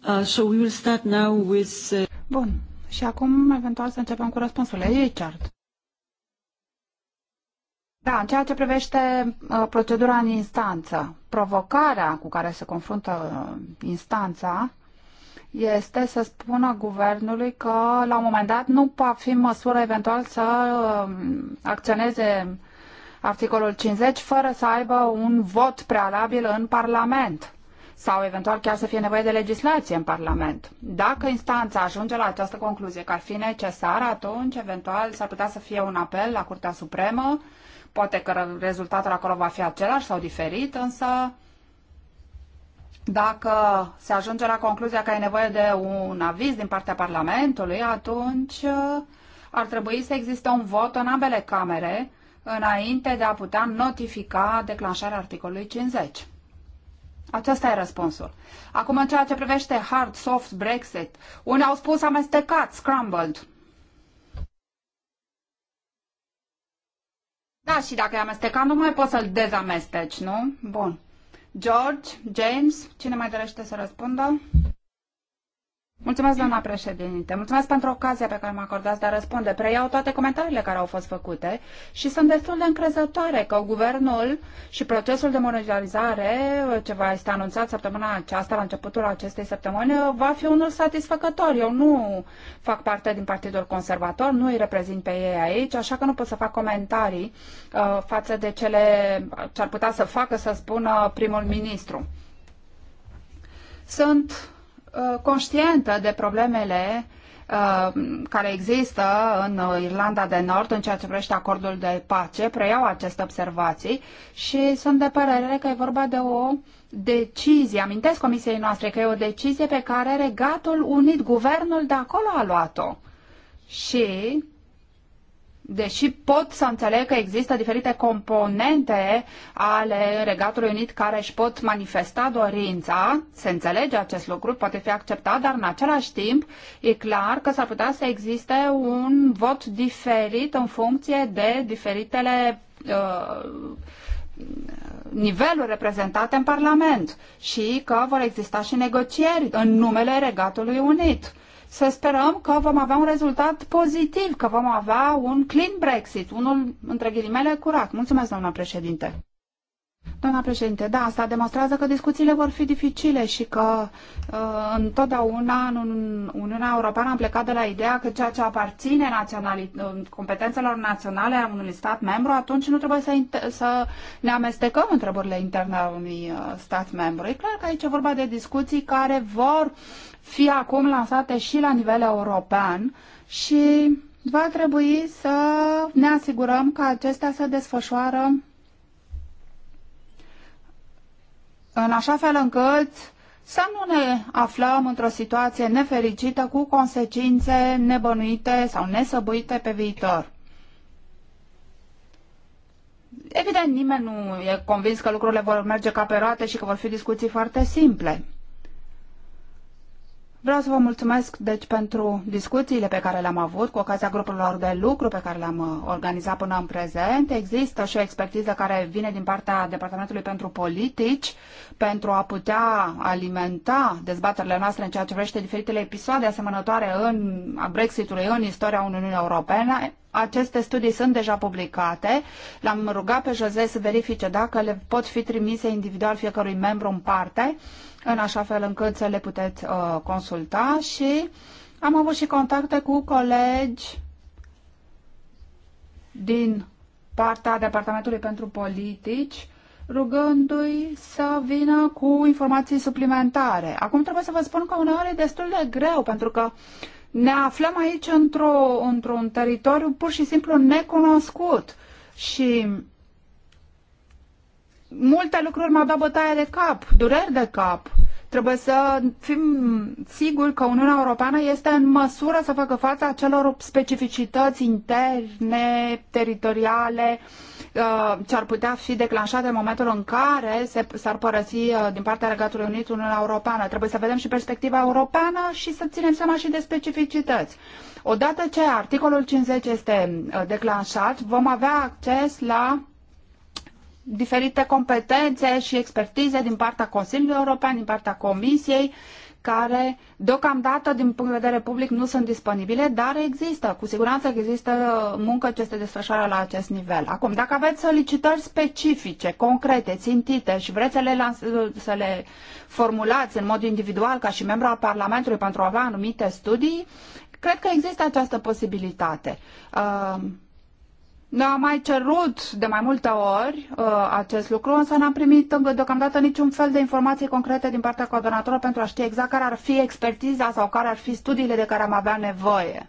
Uh, so we will start now with, uh... Bun. Și acum, eventual, să începem cu răspunsurile. Richard. Da, în ceea ce privește uh, procedura în instanță, provocarea cu care se confruntă uh, instanța este să spună guvernului că la un moment dat nu va fi măsură eventual să uh, acționeze uh, articolul 50 fără să aibă un vot prealabil în Parlament sau eventual chiar să fie nevoie de legislație în Parlament. Dacă instanța ajunge la această concluzie că ar fi necesar, atunci eventual s-ar putea să fie un apel la Curtea Supremă, poate că rezultatul acolo va fi același sau diferit, însă dacă se ajunge la concluzia că e nevoie de un aviz din partea Parlamentului, atunci uh, ar trebui să existe un vot în ambele camere înainte de a putea notifica declanșarea articolului 50. Acesta e răspunsul. Acum, în ceea ce privește hard, soft, Brexit, unii au spus amestecat, scrambled. Da, și dacă e amestecat, nu mai poți să-l dezamesteci, nu? Bun. George, James, cine mai dorește să răspundă? Mulțumesc, doamna președinte. Mulțumesc pentru ocazia pe care mă acordați de a răspunde. Preiau toate comentariile care au fost făcute și sunt destul de încrezătoare că guvernul și procesul de monetizare, ce va este anunțat săptămâna aceasta, la începutul acestei săptămâni, va fi unul satisfăcător. Eu nu fac parte din Partidul Conservator, nu îi reprezint pe ei aici, așa că nu pot să fac comentarii uh, față de cele ce ar putea să facă, să spună primul ministru. Sunt Uh, conștientă de problemele uh, care există în Irlanda de Nord în ceea ce privește acordul de pace, preiau aceste observații și sunt de părere că e vorba de o decizie, amintesc comisiei noastre că e o decizie pe care Regatul Unit, guvernul de acolo a luat-o. Și deși pot să înțeleg că există diferite componente ale Regatului Unit care își pot manifesta dorința, se înțelege acest lucru, poate fi acceptat, dar în același timp e clar că s-ar putea să existe un vot diferit în funcție de diferitele uh, niveluri reprezentate în Parlament și că vor exista și negocieri în numele Regatului Unit să sperăm că vom avea un rezultat pozitiv, că vom avea un clean Brexit, unul între ghilimele curat. Mulțumesc, doamna președinte. Doamna președinte, da, asta demonstrează că discuțiile vor fi dificile și că uh, întotdeauna în Uniunea Europeană am plecat de la ideea că ceea ce aparține uh, competențelor naționale a unui stat membru, atunci nu trebuie să, să ne amestecăm întrebările interne a unui uh, stat membru. E clar că aici e vorba de discuții care vor fie acum lansate și la nivel european și va trebui să ne asigurăm că acestea se desfășoară în așa fel încât să nu ne aflăm într-o situație nefericită cu consecințe nebănuite sau nesăbuite pe viitor. Evident, nimeni nu e convins că lucrurile vor merge ca pe roate și că vor fi discuții foarte simple. Vreau să vă mulțumesc deci pentru discuțiile pe care le-am avut cu ocazia grupurilor de lucru pe care le-am uh, organizat până în prezent. Există și o expertiză care vine din partea Departamentului pentru Politici pentru a putea alimenta dezbaterile noastre în ceea ce vrește diferitele episoade asemănătoare în Brexitului în istoria Uniunii Europene aceste studii sunt deja publicate. L-am rugat pe José să verifice dacă le pot fi trimise individual fiecărui membru în parte, în așa fel încât să le puteți uh, consulta și am avut și contacte cu colegi din partea Departamentului pentru Politici, rugându-i să vină cu informații suplimentare. Acum trebuie să vă spun că uneori e destul de greu, pentru că ne aflăm aici într-o, într-un teritoriu pur și simplu necunoscut și multe lucruri m-au dat bătaie de cap, dureri de cap. Trebuie să fim siguri că Uniunea Europeană este în măsură să facă față acelor specificități interne, teritoriale, uh, Uh, ce ar putea fi declanșate în momentul în care se, s-ar părăsi uh, din partea Regatului Unit Uniunea Europeană. Trebuie să vedem și perspectiva europeană și să ținem seama și de specificități. Odată ce articolul 50 este uh, declanșat, vom avea acces la diferite competențe și expertize din partea Consiliului European, din partea Comisiei, uh, care deocamdată din punct de vedere public nu sunt disponibile, dar există, cu siguranță există muncă ce se desfășoară la acest nivel. Acum, dacă aveți solicitări specifice, concrete, țintite și vreți să le, să le formulați în mod individual ca și membru al Parlamentului pentru a avea anumite studii, cred că există această posibilitate. Uh, noi am mai cerut de mai multe ori uh, acest lucru, însă n-am primit deocamdată niciun fel de informații concrete din partea coordonatorului pentru a ști exact care ar fi expertiza sau care ar fi studiile de care am avea nevoie.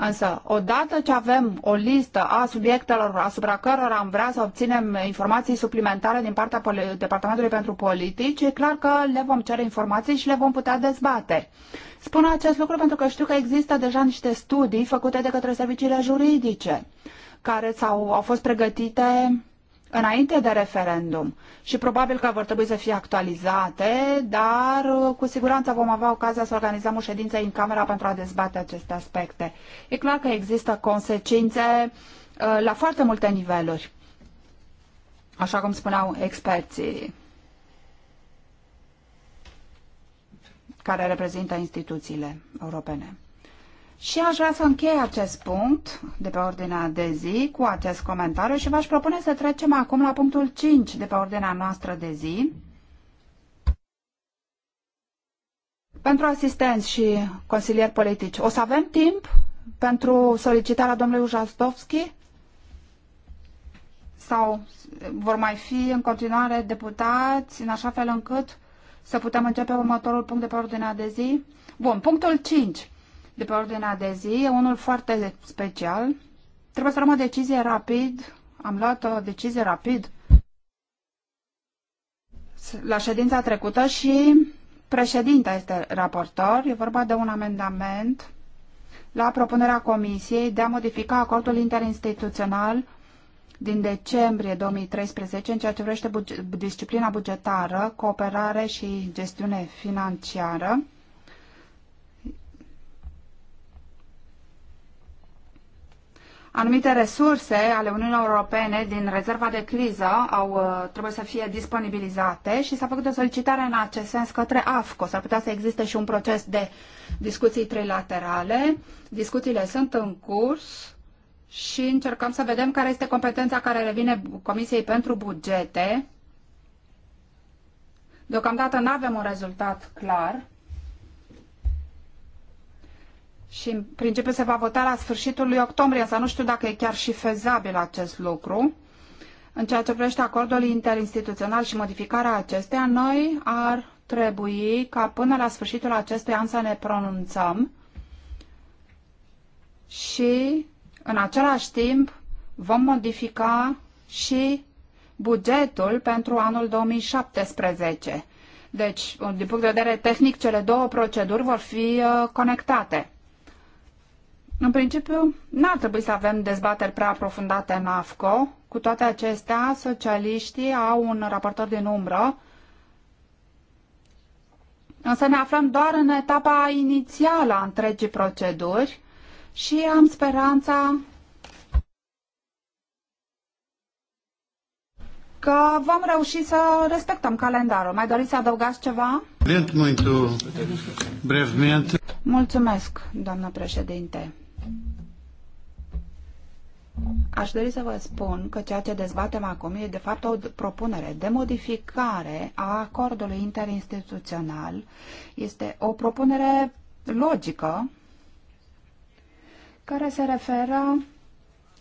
Însă, odată ce avem o listă a subiectelor asupra cărora am vrea să obținem informații suplimentare din partea Departamentului pentru Politici, e clar că le vom cere informații și le vom putea dezbate. Spun acest lucru pentru că știu că există deja niște studii făcute de către serviciile juridice care s-au, au fost pregătite înainte de referendum și probabil că vor trebui să fie actualizate, dar uh, cu siguranță vom avea ocazia să organizăm o ședință în camera pentru a dezbate aceste aspecte. E clar că există consecințe uh, la foarte multe niveluri, așa cum spuneau experții care reprezintă instituțiile europene. Și aș vrea să închei acest punct de pe ordinea de zi cu acest comentariu și v-aș propune să trecem acum la punctul 5 de pe ordinea noastră de zi. Pentru asistenți și consilieri politici, o să avem timp pentru solicitarea domnului Ujastovski? Sau vor mai fi în continuare deputați în așa fel încât să putem începe următorul punct de pe ordinea de zi? Bun, punctul 5 de pe ordinea de zi e unul foarte special. Trebuie să luăm o decizie rapid. Am luat o decizie rapid la ședința trecută și președinta este raportor. E vorba de un amendament la propunerea Comisiei de a modifica acordul interinstituțional din decembrie 2013 în ceea ce vrește buge disciplina bugetară, cooperare și gestiune financiară Anumite resurse ale Uniunii Europene din rezerva de criză au, uh, trebuie să fie disponibilizate și s-a făcut o solicitare în acest sens către AFCO. S-ar putea să existe și un proces de discuții trilaterale. Discuțiile sunt în curs și încercăm să vedem care este competența care revine Comisiei pentru bugete. Deocamdată nu avem un rezultat clar și în principiu se va vota la sfârșitul lui octombrie, însă nu știu dacă e chiar și fezabil acest lucru. În ceea ce privește acordul interinstituțional și modificarea acesteia, noi ar trebui ca până la sfârșitul acestui an să ne pronunțăm și în același timp vom modifica și bugetul pentru anul 2017. Deci, din punct de vedere tehnic, cele două proceduri vor fi uh, conectate. În principiu, n-ar trebui să avem dezbateri prea aprofundate în AFCO. Cu toate acestea, socialiștii au un raportor din umbră, însă ne aflăm doar în etapa inițială a întregii proceduri și am speranța că vom reuși să respectăm calendarul. Mai doriți să adăugați ceva? Brevmente. Mulțumesc, doamnă președinte. Aș dori să vă spun că ceea ce dezbatem acum e de fapt o propunere de modificare a acordului interinstituțional. Este o propunere logică care se referă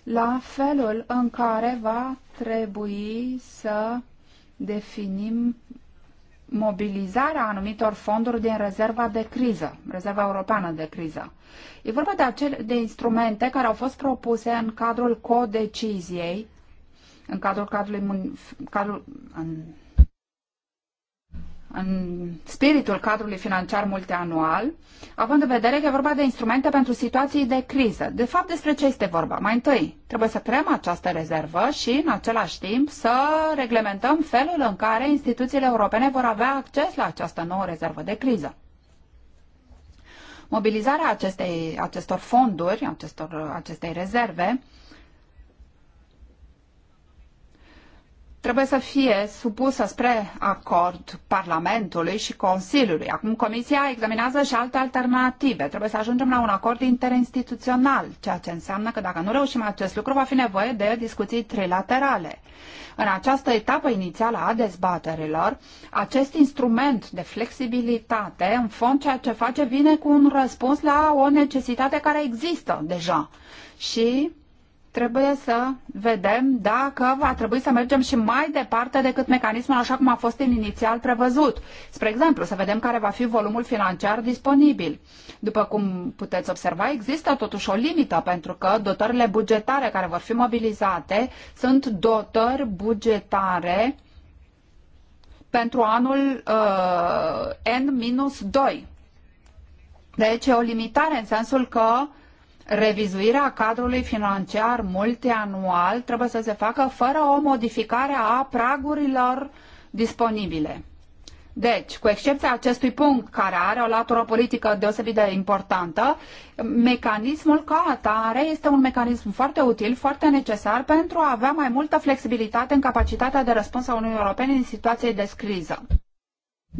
la felul în care va trebui să definim mobilizarea anumitor fonduri din rezerva de criză, rezerva europeană de criză. E vorba de, acele, de instrumente care au fost propuse în cadrul codeciziei, în cadrul cadrului, cadrul, în în spiritul cadrului financiar multianual, având în vedere că e vorba de instrumente pentru situații de criză. De fapt, despre ce este vorba? Mai întâi, trebuie să creăm această rezervă și, în același timp, să reglementăm felul în care instituțiile europene vor avea acces la această nouă rezervă de criză. Mobilizarea acestei, acestor fonduri, acestor, acestei rezerve, trebuie să fie supusă spre acord Parlamentului și Consiliului. Acum Comisia examinează și alte alternative. Trebuie să ajungem la un acord interinstituțional, ceea ce înseamnă că dacă nu reușim acest lucru, va fi nevoie de discuții trilaterale. În această etapă inițială a dezbaterilor, acest instrument de flexibilitate, în fond, ceea ce face vine cu un răspuns la o necesitate care există deja. Și trebuie să vedem dacă va trebui să mergem și mai departe decât mecanismul așa cum a fost în inițial prevăzut. Spre exemplu, să vedem care va fi volumul financiar disponibil. După cum puteți observa, există totuși o limită pentru că dotările bugetare care vor fi mobilizate sunt dotări bugetare pentru anul uh, N-2. Deci e o limitare în sensul că revizuirea cadrului financiar multianual trebuie să se facă fără o modificare a pragurilor disponibile. Deci, cu excepția acestui punct care are o latură politică deosebit de importantă, mecanismul ca atare este un mecanism foarte util, foarte necesar pentru a avea mai multă flexibilitate în capacitatea de răspuns a Uniunii Europene în situații de criză.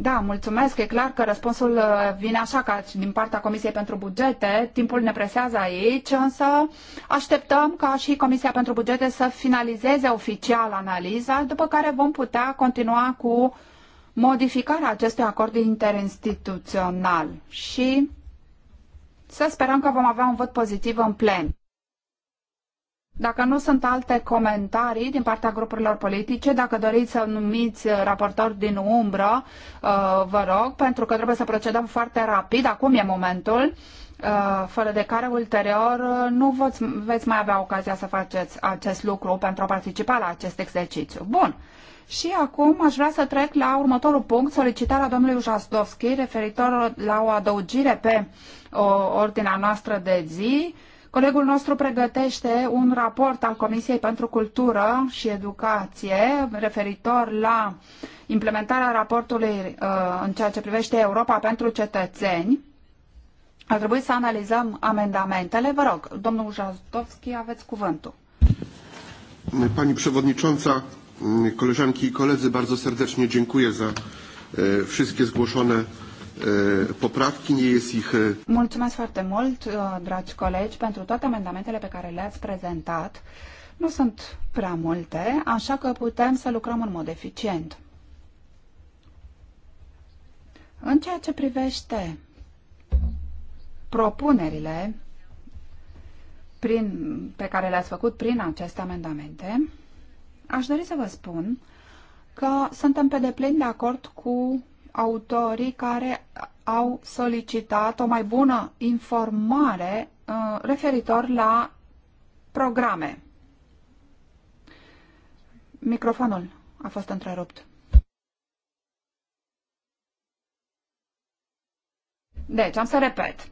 Da, mulțumesc. E clar că răspunsul uh, vine așa ca din partea Comisiei pentru Bugete. Timpul ne presează aici, însă așteptăm ca și Comisia pentru Bugete să finalizeze oficial analiza, după care vom putea continua cu modificarea acestui acord interinstituțional și să sperăm că vom avea un vot pozitiv în plen. Dacă nu sunt alte comentarii din partea grupurilor politice, dacă doriți să numiți uh, raportori din umbră, uh, vă rog, pentru că trebuie să procedăm foarte rapid, acum e momentul, uh, fără de care ulterior nu veți mai avea ocazia să faceți acest lucru pentru a participa la acest exercițiu. Bun. Și acum aș vrea să trec la următorul punct, solicitarea domnului Ujasdovski referitor la o adăugire pe ordinea noastră de zi Colegul nostru pregătește un raport al Comisiei pentru Cultură și Educație referitor la implementarea raportului uh, în ceea ce privește Europa pentru cetățeni. Ar trebui să analizăm amendamentele. Vă rog, domnul Jazdowski, aveți cuvântul. Pani Przewodnicząca, koleżanki i koledzy, bardzo serdecznie dziękuję za wszystkie zgłoszone poprawki, nie jest ich... Mulțumesc foarte mult, dragi colegi, pentru toate amendamentele pe care le-ați prezentat. Nu sunt prea multe, așa că putem să lucrăm în mod eficient. În ceea ce privește propunerile prin, pe care le-ați făcut prin aceste amendamente, aș dori să vă spun că suntem pe deplin de acord cu autorii care au solicitat o mai bună informare uh, referitor la programe. Microfonul a fost întrerupt. Deci, am să repet.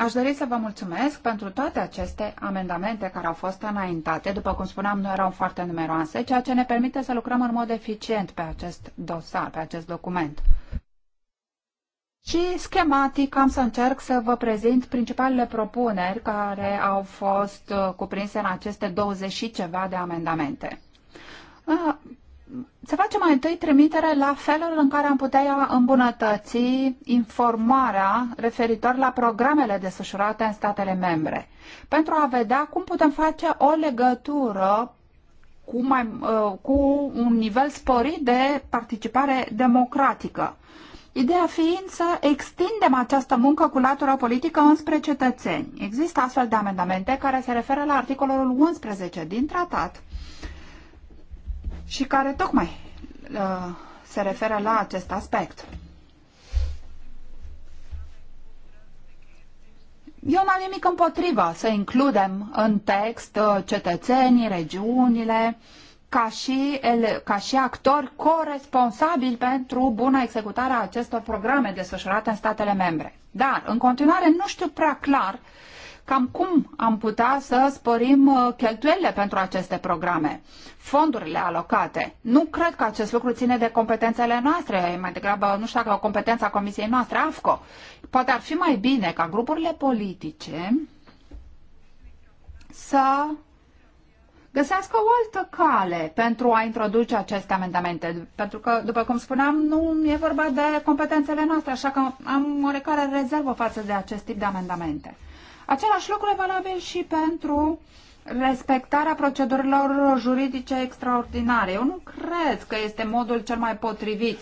Aș dori să vă mulțumesc pentru toate aceste amendamente care au fost înaintate. După cum spuneam, nu erau foarte numeroase, ceea ce ne permite să lucrăm în mod eficient pe acest dosar, pe acest document. Și schematic am să încerc să vă prezint principalele propuneri care au fost cuprinse în aceste 20 și ceva de amendamente se face mai întâi trimitere la felul în care am putea îmbunătăți informarea referitor la programele desfășurate în statele membre, pentru a vedea cum putem face o legătură cu, mai, uh, cu un nivel sporit de participare democratică. Ideea fiind să extindem această muncă cu latura politică înspre cetățeni. Există astfel de amendamente care se referă la articolul 11 din tratat și care tocmai uh, se referă la acest aspect. Eu n-am nimic împotrivă să includem în text uh, cetățenii, regiunile, ca și, ele, ca și actori corresponsabili pentru buna executare a acestor programe desfășurate în statele membre. Dar, în continuare, nu știu prea clar cam cum am putea să sporim uh, cheltuielile pentru aceste programe, fondurile alocate. Nu cred că acest lucru ține de competențele noastre, mai degrabă, nu știu dacă o competență a Comisiei noastre, AFCO. Poate ar fi mai bine ca grupurile politice să găsească o altă cale pentru a introduce aceste amendamente. Pentru că, după cum spuneam, nu e vorba de competențele noastre, așa că am oarecare rezervă față de acest tip de amendamente. Același lucru e valabil și pentru respectarea procedurilor juridice extraordinare. Eu nu cred că este modul cel mai potrivit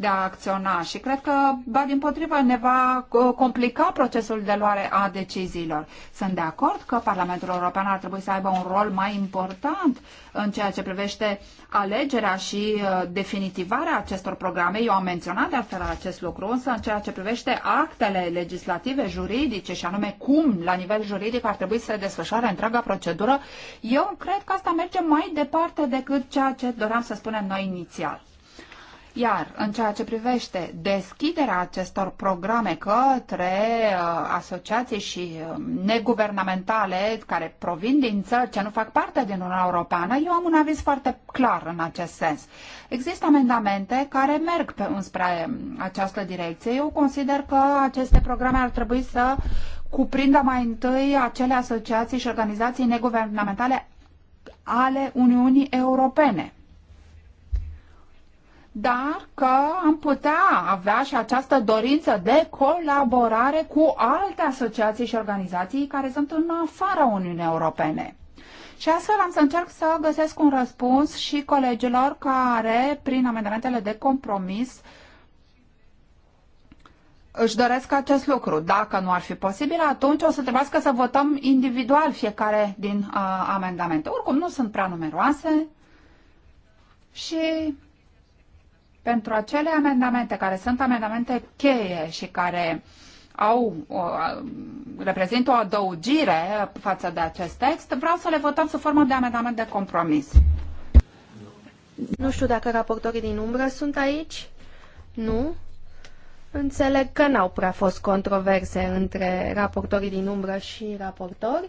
de a acționa și cred că, ba din potrivă, ne va uh, complica procesul de luare a deciziilor. Sunt de acord că Parlamentul European ar trebui să aibă un rol mai important în ceea ce privește alegerea și uh, definitivarea acestor programe. Eu am menționat de altfel acest lucru, însă în ceea ce privește actele legislative, juridice și anume cum la nivel juridic ar trebui să se desfășoare întreaga procedură, eu cred că asta merge mai departe decât ceea ce doream să spunem noi inițial. Iar în ceea ce privește deschiderea acestor programe către uh, asociații și uh, neguvernamentale care provin din țări ce nu fac parte din Uniunea Europeană, eu am un aviz foarte clar în acest sens. Există amendamente care merg pe, înspre um, această direcție. Eu consider că aceste programe ar trebui să cuprindă mai întâi acele asociații și organizații neguvernamentale ale Uniunii Europene dar că am putea avea și această dorință de colaborare cu alte asociații și organizații care sunt în afara Uniunii Europene. Și astfel am să încerc să găsesc un răspuns și colegilor care, prin amendamentele de compromis, își doresc acest lucru. Dacă nu ar fi posibil, atunci o să trebuiască să votăm individual fiecare din uh, amendamente. Oricum, nu sunt prea numeroase și pentru acele amendamente care sunt amendamente cheie și care au, o, reprezintă o adăugire față de acest text, vreau să le votăm sub formă de amendament de compromis. Nu știu dacă raportorii din umbră sunt aici. Nu. Înțeleg că n-au prea fost controverse între raportorii din umbră și raportori,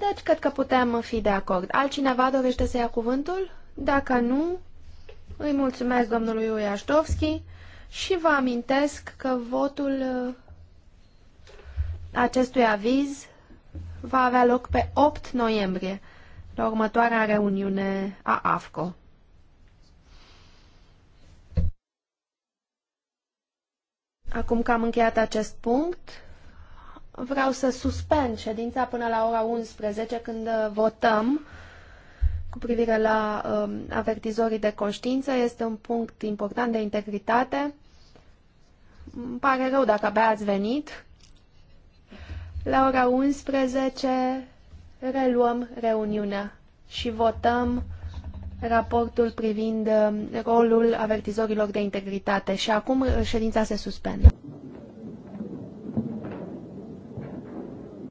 deci cred că putem fi de acord. Altcineva dorește să ia cuvântul? Dacă nu, îi mulțumesc domnului Uiaștovski și vă amintesc că votul uh, acestui aviz va avea loc pe 8 noiembrie, la următoarea reuniune a AFCO. Acum că am încheiat acest punct, vreau să suspend ședința până la ora 11 când votăm cu privire la um, avertizorii de conștiință. Este un punct important de integritate. Îmi pare rău dacă abia ați venit. La ora 11 reluăm reuniunea și votăm raportul privind um, rolul avertizorilor de integritate. Și acum uh, ședința se suspendă.